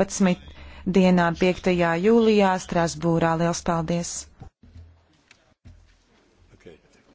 12. dienā 5. jūlijā Strasbūrā. Liels paldies!